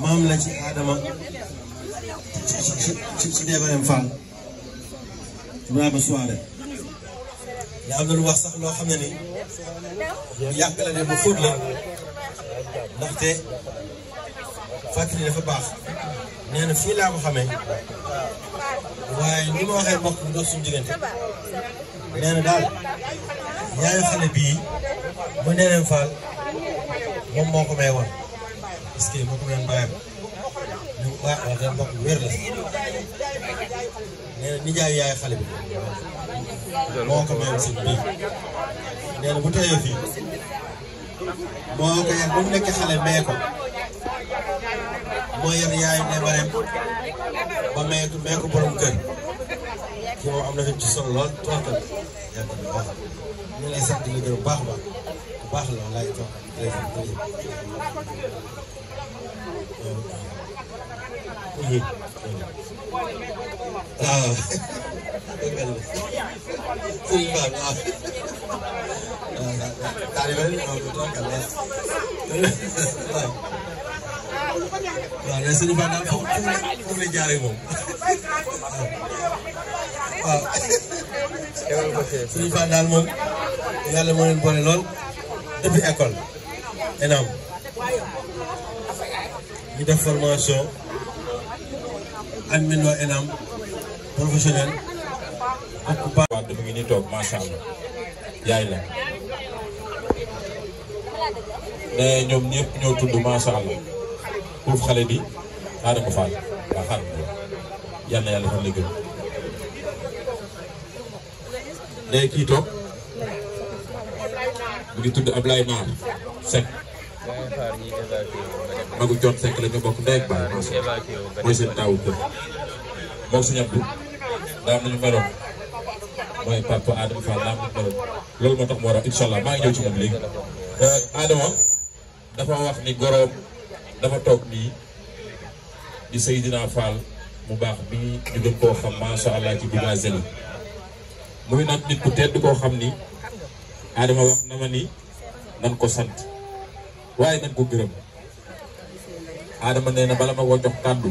maam la ci Adama ci ci ci Débarème Fall Ibrahima Souare yaa am na lu wax sax loo xam ne ni yàgg la ne bu fóot la ndaxte fàttali dafa baax nee na fii laa ko xamee waaye ni ma waxee mbokk bi dox suñu diggante nee na daal yaayu bii mu Débarème Fall moom moo ko woon parce que mbokk meen bàyyam ñu waa wax dëgg mbokk wér la nee na nijaay yaay xale bi moo ko mayoon sëñ bi nee na ko yar mu nekk xale mee ko moo yar yaay ne bareem ba mee mee ko borom kër kii moom am na fi ci solo lool trop tamit yàgg na baax ñu lay sant di la baax a baax bu baax la walaay waaw sëriñ waaw waaw ne sëriñ Ba daal foofu foofu la jaaree moom waaw sëriñ Ba daal moom yàlla moo leen lool depuis école énorme ñu def formation admin waa ENAM professionnel ak bu baax. waaw mu toog macha yaay la ne ñoom ñëpp ñoo tudd macha allah pour xale di xaaral ko faal waa kii toog mu ngi tudd Ablaye Naar Seck. magu jot sekk la ñu bokk ndey ak baay mooy seen taawu kër mooy papa Adama Fall daa am moo tax mu war a incha allah maa ngi ñëw ci moom léegi euh, Adama dafa wax toog nii di Seydina Fall mu baax bii ñu gën koo xam macha allah ci xam ni Adama ma ni nan ko sant waaye nan ko gërëm aadama nee na bala ma ko kàddu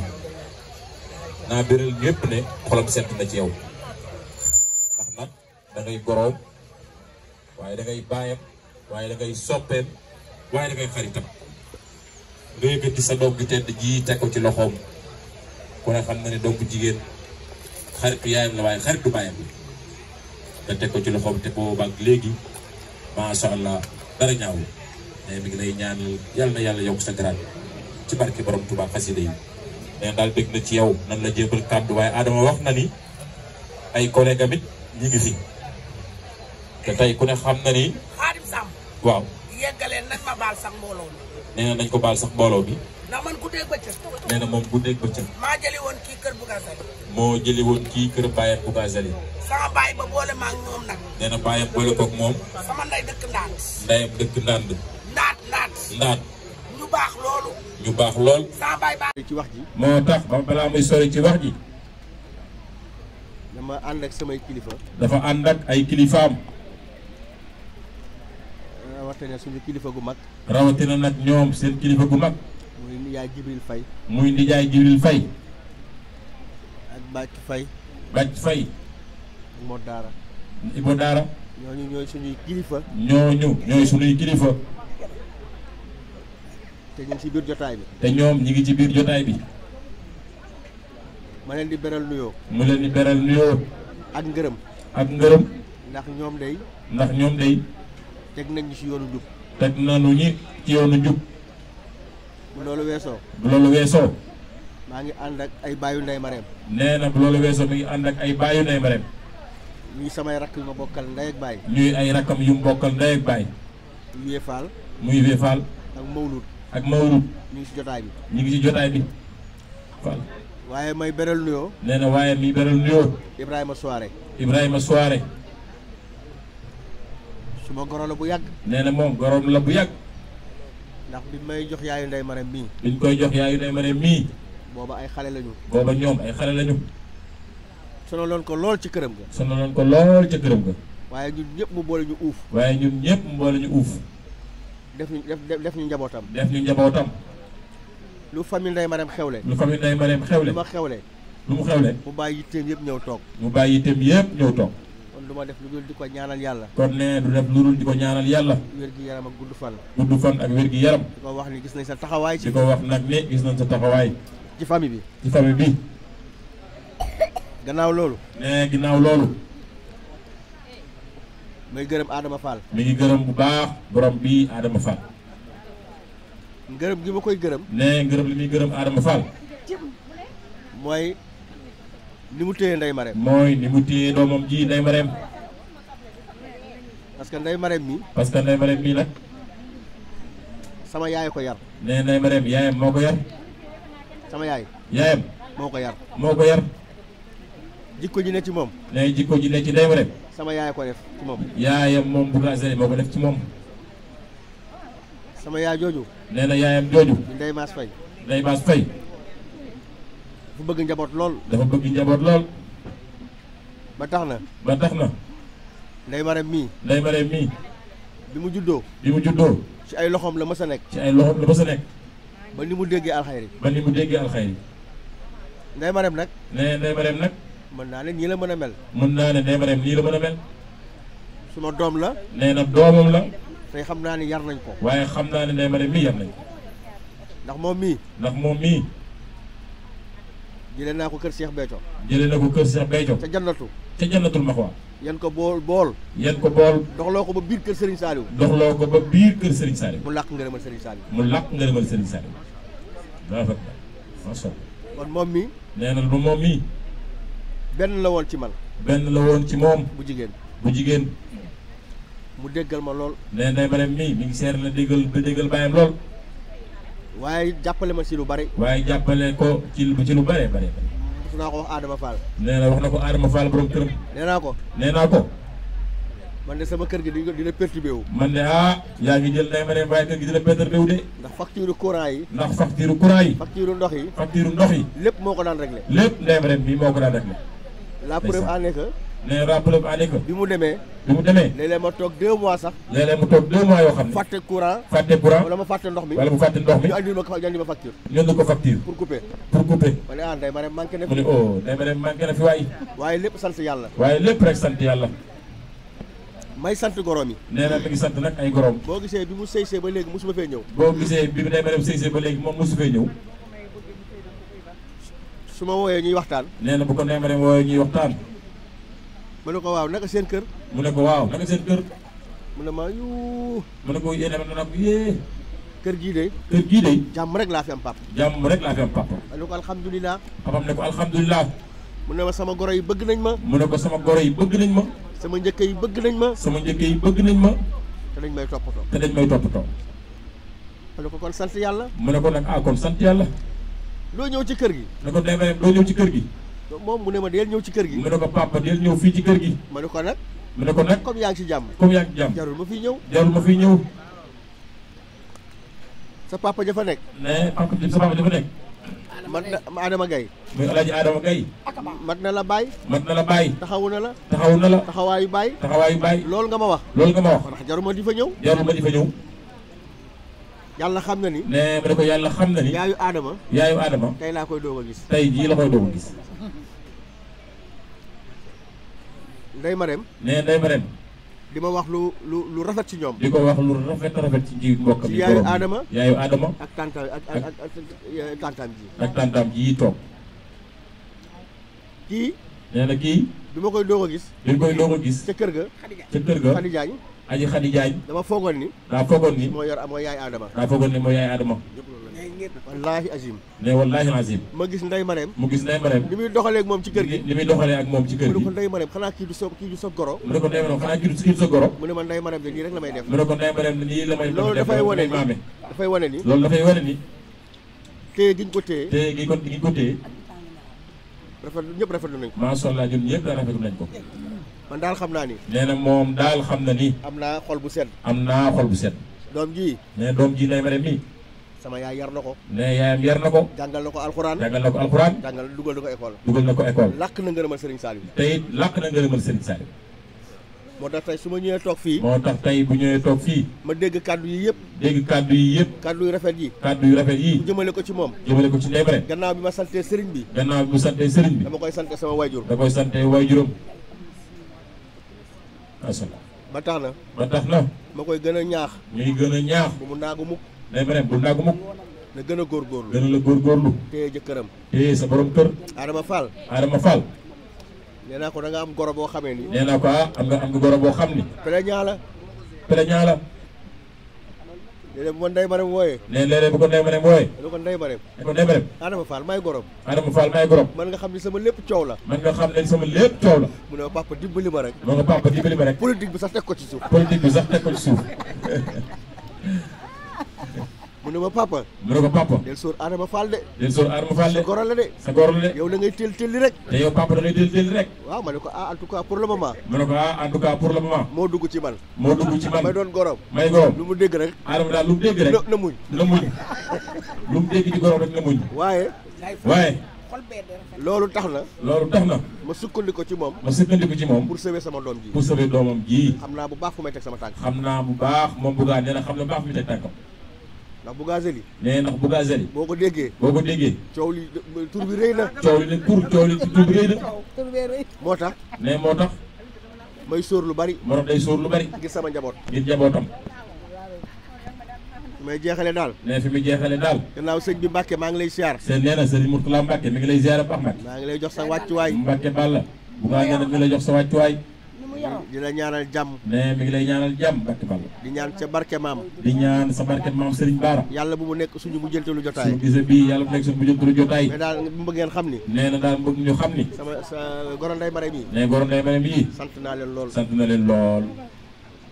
naa biral ñëpp ne xolam sedd na ci yow ndax nag da goroom waaye da ngay baayam waaye da ngay waaye da ngay xaritam nga yëkkati sa doom ju ji teg ko ci loxoom ku ne xam na ne doom jigéen xaritu yaayam la waaye xaritu baayam la nga teg ko ci loxoom te boobaag léegi macha allah dara ñaaw mais mi ngi lay ñaanal yàlla na yàlla yokk sa garaat. ci barke borom Touba xasida yi nee daal dégg na ci yow nan la jébal kàddu waaye Adama wax na ni ay collègue amit ñi ngi fi te tey ku ne xam na ni. xaadim waaw yeggalee nañ na ko baal sax mbooloo bi ndax man guddeeg bëccëg. nee na moom guddeeg bëccëg. maa jëli kii kër Bougazelli. moo jëli sama baay ba boole ma ak baayam boole koog moom. sama dëkk Ndande. ndayam Ndaat Ndaat. Ndaat. ñu baax loolu. ju baax lool. moo tax ba balaa muy sori ci wax ji. dama ànd ak samay kilifa. dafa ànd ak ay kilifaam. rawatina kilifa gu nag ñoom seen kilifa gu mag. muy nijaay Jibril Faye. muy nijaay Jibril Faye. ak Bàcc Faye. Bàcc Faye. Mo Daara. Ibo Daara. ñooñu ñooy suñuy kilifa. ñooñu ñooy suñuy kilifa. te ñu ngi ci jotaay bi. te ñoom ñi ngi ci biir jotaay bi. ma leen di beral nuyoo. mu leen di beral nuyoo. ak ngërëm. ak ngërëm. ndax ñoom day. ndax ñoom day. teg nañ ci yoonu jub teg nañu ñi ci yoonu jub bu loolu weesoo. bu loolu weesoo. maa ngi ànd ak ay baayu ndey mareem. nee na bu loolu weesoo mi ngi ànd ak ay baayu ndey mareem. ñuy samay rakk ma bokkal ndey ak baay. ñuy ay rakkam yu mu bokkal ndey ak baay. muy Wéfal. muy Wéfal. ak Mawlud. ak Maodo. ñu ngi si jotaay bi ñu ngi si jotaay bi waaye may beral nuyoo. nee na waaye mi beral nuyoo. Ibrahima Soare. Ibrahima Soare. suma goro la bu yàgg. nee na moom goro la bu yàgg. ndax bi may jox yaayu ndey mareem mii. biñ koy jox yaayu ndey mareem mii. booba ay xale lañu. booba ñoom ay xale lañu. sonaloon ko lool ci këram ga. sonaloon ko lool ci këram ga. waaye ñun ñëpp mu boole ñu uuf. waaye ñun ñëpp mu boole ñu uuf. def ñu def ñu njabootam. def ñu njabootam. lu famille Ndeye Marème xewle. lu famille Ndeye Marème xewle. lu ma xewle. lu mu xewle. mu bàyyi yitteem yëpp ñëw toog. mu bàyyi yitteem yëpp ñëw toog. kon lu ma def lu dul di ko ñaanal yàlla. kon nee du def lu dul di ko ñaanal yàlla. wér gi yaram ak gudd fan. gudd fan ak wér gi yaram. di ko wax ni gis nañ sa taxawaay. ci di ko wax nag ne gis nañ sa taxawaay. ci famille bi. ci famille bi. gannaaw loolu. nee ginnaaw loolu. muy gërëm Adama Fall. mi ngi gërëm bu baax borom bii Adama Fall. ngërëm gi ma koy gërëm. nee ngërëm li muy gërëm Adama Fall. mooy ni mu téye Ndeye Marème. mooy ni mu téye doomam ji Ndeye Marème. parce que Ndeye Marème mii. parce que Ndeye Marème mii nag. sama yaay ko yar. nee Ndeye Marème yaayam moo ko yar. sama yaay. yaayam moo ko yar. moo ko yar. jikko ji ne ci moom léegi jikko ji ne ci ndey ma sama yaay ko def ci moom yaayam moom Bourg-la-Azali moo ko def ci moom sama yaay jooju nee na yaayam jooju ndey maas fay ndey maas fay dafa bëgg njaboot lool dafa bëgg njaboot lool ba tax na ba tax na ndey mareem mii ndey mareem mii bi mu juddoo bi mu juddoo ci ay loxoom la mës a nekk ci ay loxoom la mës nekk ba ni mu déggee alxayri ba ni mu déggee alxayri ndey mareem nag nee ndey mareem nag mën naa ne nii la mën a mel. mën naa ne nee ma dem nii la mën a mel. suma doom la. nee na doomam la. tey xam naa ne yar nañ ko. waaye xam naa ne nee ma dem mii yar nañ ko. ndax moom mii. ndax moom mii. jëlee naa ko kër Cheikh Béthio. jëlee na ko kër Cheikh Béthio. ca jannatu. ca jannatul maxwa. yan ko bool bool. yan ko bool. doxloo ko ko ba biir kër Serigne Saliou. mu làkk ngërëmal Serigne Saliou. mu làkk ngërëmal Serigne Saliou. daa fekk kon moom mii. nee na moom mii. benn la woon ci man. benn la woon ci moom. bu jigéen bu jigéen. mu déggal ma lool. nee na ma ne mii mi ngi seer la déggal ba déggal bàyyam lool. waaye jàppale ma ci lu bari. waaye jàppale ko ci lu ci lu bari bari. su naa ko wax Adama Fall. nee na wax na ko Adama Fall borom këram. naa ko. nee naa ko. man de sama kër gi dina dina perturbé wu. man de ah yaa ngi jël day ma ne waaye kër gi dina perturbé wu de. ndax facture courant yi. ndax facture courant yi. facture ndox yi. facture ndox yi. lépp moo ko daan réglé. lépp ndey bii moo ko daan réglé. la preuve en est que. nee la bi mu demee. bi mu demee. léeg-léeg ma toog deux sax. léeg-léeg mu toog deux yoo xam ne. fàtte courant. fàtte courant wala fàtte ndox mi. wala mu fàtte ndox mi ñu andil ma ñu andil ma pour couper ne ah ndey ma ne manqué na fi. mu ne oh ndey ma ne manqué na fi sant yàlla. waaye lépp boo gisee bi mu sëy sëy ba léegi mosu ma fee ñëw. boo gisee bi mu demee sëy sëy ba léegi moom mosu fee ñëw su ma wooyee ñuy waxtaan nee na bu ko nee ma dem wooyee ñuy waxtaan mu ne ko waaw naka seen kër mu ne ko waaw naka seen kër mu ne ma yu mu ne ko yéene ma nag yée kër gii de kër gii de jàmm rek laa fi am papa jàmm rek laa fi am papa ma ne ko alhamdulilah papam ne ko alhamdulilah mu ne ma sama goro yi bëgg nañ ma mu ne ko sama goro yi bëgg nañ ma sama njëkk yi bëgg nañ ma sama njëkk yi bëgg nañ ma te dañ may toppatoo te dañ may toppatoo mu ne ko kon sant yàlla mu ne ko nag ah kon sant yàlla loo ñëw ci kër gi ne ko dee loo ñëw ci kër gi moom mu ne ma deel ñëw ci kër gi mu ne ko papa deel ñëw fii ci kër gi ma ne ko nag mu ne ko nag comme yaa ci jàmm comme yaa ngi ci jàmm jarul ma fiy ñëw jarul ma fiy ñëw sa dafa nekk ne papa sa papa dafa nekk mat na Adama Gaye muy alaaji Adama Gaye mat na la baay mat na la baay taxawu na la taxawu na la taxawaayu baay taxawaayu baay loolu nga ma wax loolu nga ma wax jarul ma di fa ñëw jarul ma di fa ñëw yàlla xam na ni. nee ma ne ko yàlla xam na ni. yaayu aadama yaayu Adama. tey laa koy doog a gis. tey jii la koy doog a gis. Ndeye Marème. di ma wax lu lu lu rafet ci ñoom. di ko wax lu rafet ci ji mbokk bi. yaayu Adama yaayu ak tantam ak ak ak ak tantam ji. ak tantam ji yi toog. kii. nee na kii. bi ma koy doog a gis. bi ma koy doog a gis. ca kër ga. ca kër ga Khady aji xadi jaañ dama foogoon ni daa foogoon ni moo yor moo yaay aadama daa foogoon ni moo yaay aadama wallaahi azim ne wallaahi azim ma gis nday mareem mu gis nday mareem moom ci kër gi li muy doxalee ak moom ci kër gi mu ne ko nday mareem xanaa kii du sa kii du sa goro mu ne ma nday mareem de nii rek la may def mu ne ko nday mareem de nii la may def dafay wane ni maame dafay wane ni loolu dafay wane ni téye gi ñu ko téye téye gi ñu ko téye rafet ñëpp rafetlu nañ ko maa sha Allah ñun ñëpp daa rafetlu nañ ko man daal xam naa ni. nee na moom daal xam na ni. am naa xol bu sedd. am naa xol bu sedd. doom ji. nee doom ji Ndeye Marème mi. sama yaay yar na ko. nee yaayam yar na ko. jàngal na ko alxuraan. jàngal na ko alxuraan. jàngal dugal na ko école. dugal na ko école. làkk na ngërëmal Serigne Saliou. te it làkk na ngërëmal Serigne Saliou. moo tax tey su ma ñëwee toog fii. moo tax tey bu ñëwee toog fii. ma dégg kàddu yi yëpp. dégg kàddu yi yëpp. kaddu yu rafet yi. kaddu yu rafet yii jëmale ko ci moom. jëmale ko ci Ndeye gannaaw bi ma santee Serigne bi. gannaaw bi ma santee bi. dama koy sante sama wayjur. da koy sante wayjuram macha allah ba tax na ba tax na ma koy gën a ñaax muy gën a ñaax bu mu naagu mukk day beneen bu mu naagu mukk na gën a góorgóorlu gën a la góor góorgóorlu téye jëkkëram téye sa borom kër Adama Fall Adama Fall nee naa ko da am goro boo xamee ni nee naa ko ah am nga am nga goro boo xam ni peleñaa la peleñaa la léeg-léeg bu ma Ndeye Marème wooyee nee léeg-léeg bu ko Ndeye Marème wooyee lu ko Ndeye Marème lu ko Ndeye Marème gorom Adama Fall gorom man nga xam ni sama lépp coow la man nga xam ne sama lépp coow la mu ne ma dimbali ma rek mu ne ma papa dimbali ma rek politique bi sax bi sax teg ko ci suuf ne ma ko papa del sóor Adama Fall en tout cas pour le moment mu ne ko ah en tout cas pour le moment moo dugg ci man moo dugg ci man may doon gorom may gorom lu mu dégg rek Adama daal lu mu dégg na muñ na muñ lu mu dégg ci gorom rek na muñ waaye waaye loolu tax na loolu tax na ma sukkandiku ci moom ma sukkandiku ci moom pour sauver sama doom ji pour sauver doomam ji xam naa bu baax fu may teg sama tànk xam naa bu baax moom buggaa nee na xam na baax fu muy teg tànkam ndax Bougazelli. nee ndax Bougazelli. boo ko déggee. boo ko déggee. coow li tur bi rëy na. coow li tur coow li tur bi rëy na. tur moo tax. nee moo tax. may sóor lu bari. moo day soor lu bari. ngir sama njaboot. ngir njabootam. may jeexale daal. nee fi muy jeexale daal. gannaaw sëñ bi Mbacke maa ngi lay ziar. sëñ nee na sëriñ Mourtala Mbacke maa ngi lay jox sa wàccuwaay. Mbacke Balla. bu ngaa nee na mi ngi lay jox sa wàccuwaay. di la ñaanal jàmm mais mi ngi lay ñaanal jàmm barke Balla di ñaan sa barke maam di ñaan sa barke maam Serigne Bara yàlla bu mu nekk suñu mu jëltalu jotaay suñu gise bii yàlla bu nekk suñu mu jëltalu jotaay mais daal mu bëgg ngeen xam ni nee na daal bëgg ñu xam ni sama sa goro nday mare mii lool sant na leen lool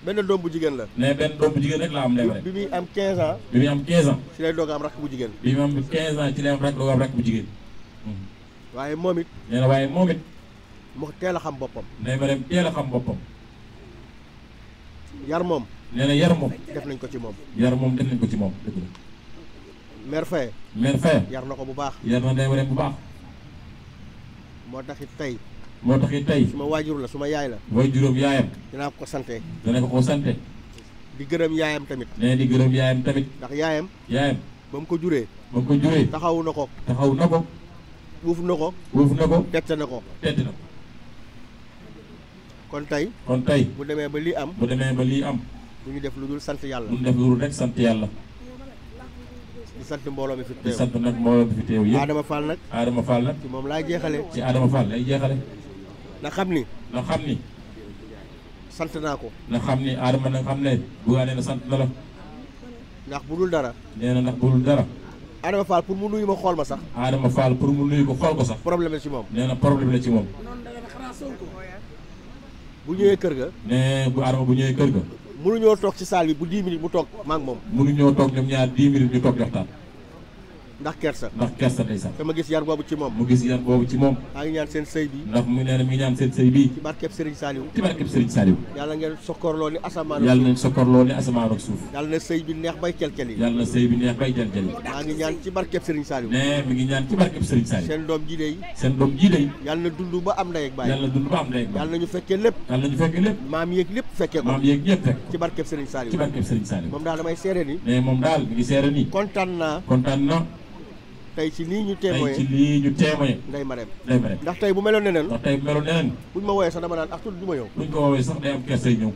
benn doom bu jigéen la ne benn doom bu jigéen la am nday mare bi muy am 15 ans bi muy am 15 ans ci lay doog am rakk bu jigéen bi muy am 15 ans ci waaye moom mu teel a xam boppam. nay ma dem teel a xam boppam. yar moom. nee na yar moom. def nañ ko ci moom. yar moom def nañ ko ci moom dëgg la. mère Faye. mère Faye. yar na ko bu baax. yar na nay ma bu baax. moo tax it tey. moo tax it tey. su ma waajur la su ma yaay la. mooy waajuram yaayam. dinaa ko ko sante. dana ko ko sante. di gërëm yaayam tamit. nee di gërëm yaayam tamit. ndax yaayam. yaayam. ba mu ko juree. ba mu ko juree. taxawu na ko. taxawu na ko. wuuf na ko. wuuf na ko. tett na ko. kon tey kon tey bu demee ba lii am bu demee ba lii am bu ñu def lu dul sant yàlla bu ñu def lu dul sant yàlla di sant mbooloo mi fi teew di sant nag mbooloo mi fi teew yëpp Adama Fall nag Adama Fall nag ci moom laay jeexale ci Adama Fall lay jeexale na xam ni na xam ni sant naa ko na xam ni Adama nag xam ne bugaa nee na sant na ndax bu dul dara nee na nag bu dul dara Adama Fall pour mu nuyu ma xool ma sax Adama Fall pour mu nuyu ko xool ko sax problème la ci moom nee na problème la ci moom bu ñëwee kër ga. ne bu Adama bu ñëwee kër ga. mënuñoo toog ci salle bi bu 10 minutes mu toog moom ak moom. mënuñoo toog ñoom ñaar 10 minutes ñu toog ndax kersa ndax kersa ndeysaan te ma gis yar boobu ci moom mu gis yar boobu ci moom maa ngi ñaan seen sëy bi ndax mu nee na ngi ñaan seen sëy bi ci barkeb Serigne Saliou ko moom daal damay seere ni moom daal mi ngi seere ni kontaan naa kontaan naa tey ci lii ñu témoigné tey ñu témoigné nday ma ma ndax tey bu meloon neneen ndax tey bu meloon neneen buñ ma woowee sax dama naan ak tudd du ma ñëw buñ ko woowee sax day am kersa ñëw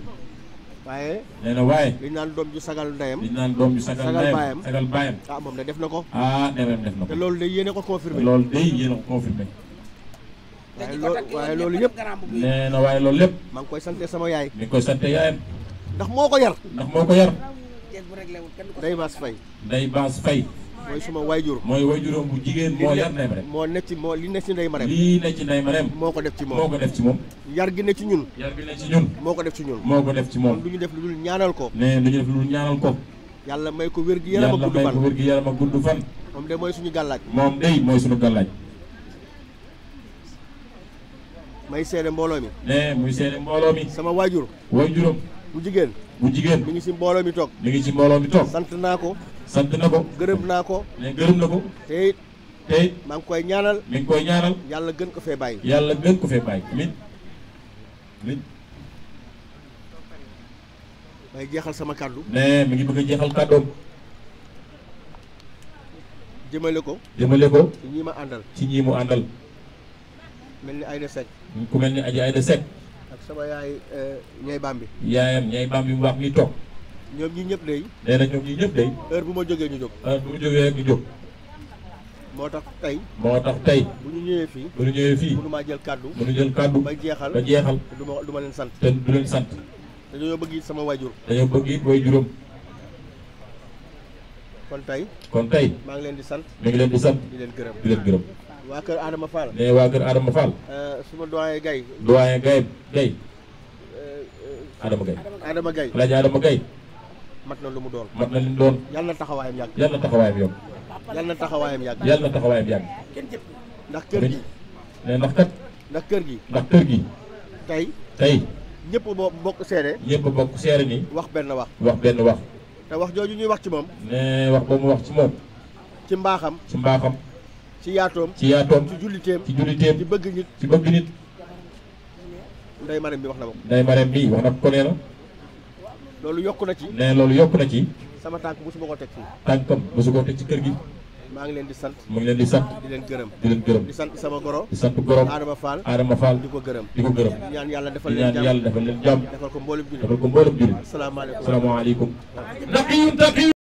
waaye nee na waaye li naan doom ju sagal ndeyam naan doom ju sagal ndeyam sagal baayam ah moom de def na ko ah demem def na te loolu day yéene ko confirmé loolu day yéene ko confirmé waaye loolu waaye loolu yëpp nee na waaye loolu lépp maa ngi koy sante sama yaay mi ngi koy sante yaayam ndax moo ko yar ndax moo ko yar day baas fay day baas fay mooy suma waajur mooy waajuram bu jigéen moo yar Ndeye Marème moo nekk ci moo li nekk ci Ndeye Marème lii nekk ci Ndeye Marème moo ko def ci moom ko def ci moom yar gi ne ci ñun yar gi ne ci ñun moo ko def ci ñun moo ko def ci moom lu ñu def lu dul ñaanal ko ne lu ñu def lu dul ñaanal ko yàlla may ko wér gi yaram a gudd fan yàlla may ko wér gi yaram ak gudd fan moom de mooy suñu gàllaaj moom day mooy suñu gàllaaj may seede mbooloo mi ne muy seede mbooloo mi sama waajur waajuram bu jigéen bu jigéen mi ngi ci mbooloo mi toog mu ngi ci mbooloo mi toog sant naa ko sant na ko gërëm naa ko ne gërëm na ko te it maa ngi koy ñaanal mi ngi koy ñaanal yàlla gën ko fee bàyyi yàlla gën ko fee bàyyi amin amin may jeexal sama kàddu ne mi ngi bëgg a jeexal kàddoom jëmale ko jëmale ko ci ñii ma àndal ci ñii mu àndal mel ni Aïda Seck ku mel ni aji Aïda Seck ak sama yaay eh, ñay bi yaayam ñay bambi bu baax mi toog ñoom ñi ñëpp day nee na ñoom ñi ñëpp day heure bu ma jógee ñu jóg heure bu ma jógee ñu jóg moo tax tey moo tax tey bu ñu ñëwee fii bu ñu ñëwee fii mënu maa jël kàddu mënu jël kàddu ba jeexal ba jeexal du ma du ma leen sant te du leen sant dañoo bëgg it sama waajur dañoo bëgg it juróom kon tey kon tey maa ngi leen di sant mi leen di sant di leen gërëm di leen gërëm waa kër Adama Fall. nee eh, waa kër Adama Fall. Eh, suma doyen Gaye. doyen Gaye Gaye. Eh, Adama Gaye. Adama Gaye El Hadj Adama Gaye. mat na lu mu doon. mat na li mu doon. yal na taxawaayam yàgg. yal na taxawaayam yàgg. yal na taxawaayam yàgg. yal na taxawaayam yàgg. ndax kër gi. nee ndax ndax kër gi. ndax kër gi. tey. tey. ñëpp boo bokk seere. ñëpp bokk seere ni. wax benn wax. wax benn wax. te wax jooju ñuy wax ci moom. nee wax ba mu wax ci moom. ci mbaaxam. ci mbaaxam. ci yaatoom ci yaatoom ci julliteem ci julliteem ci bëgg nit ci bëgg nit nday maram bi wax na ma ko nday maram bi wax na ko nee loolu yokku na ci nee loolu yokk na ci sama tànk mosuma ko teg fii tànkam mosu koo teg ci kër gi maa ngi leen di sant mu ngi leen di sant di leen gërëm di leen gërëm di sant sama goro di sant goro Adama Fall Adama Fall di ko gërëm di ko gërëm ñaan yàlla defal leen jàmm ñaan yàlla defal leen ko mboolem jullit defal ko mboolem jullit asalaamaaleykum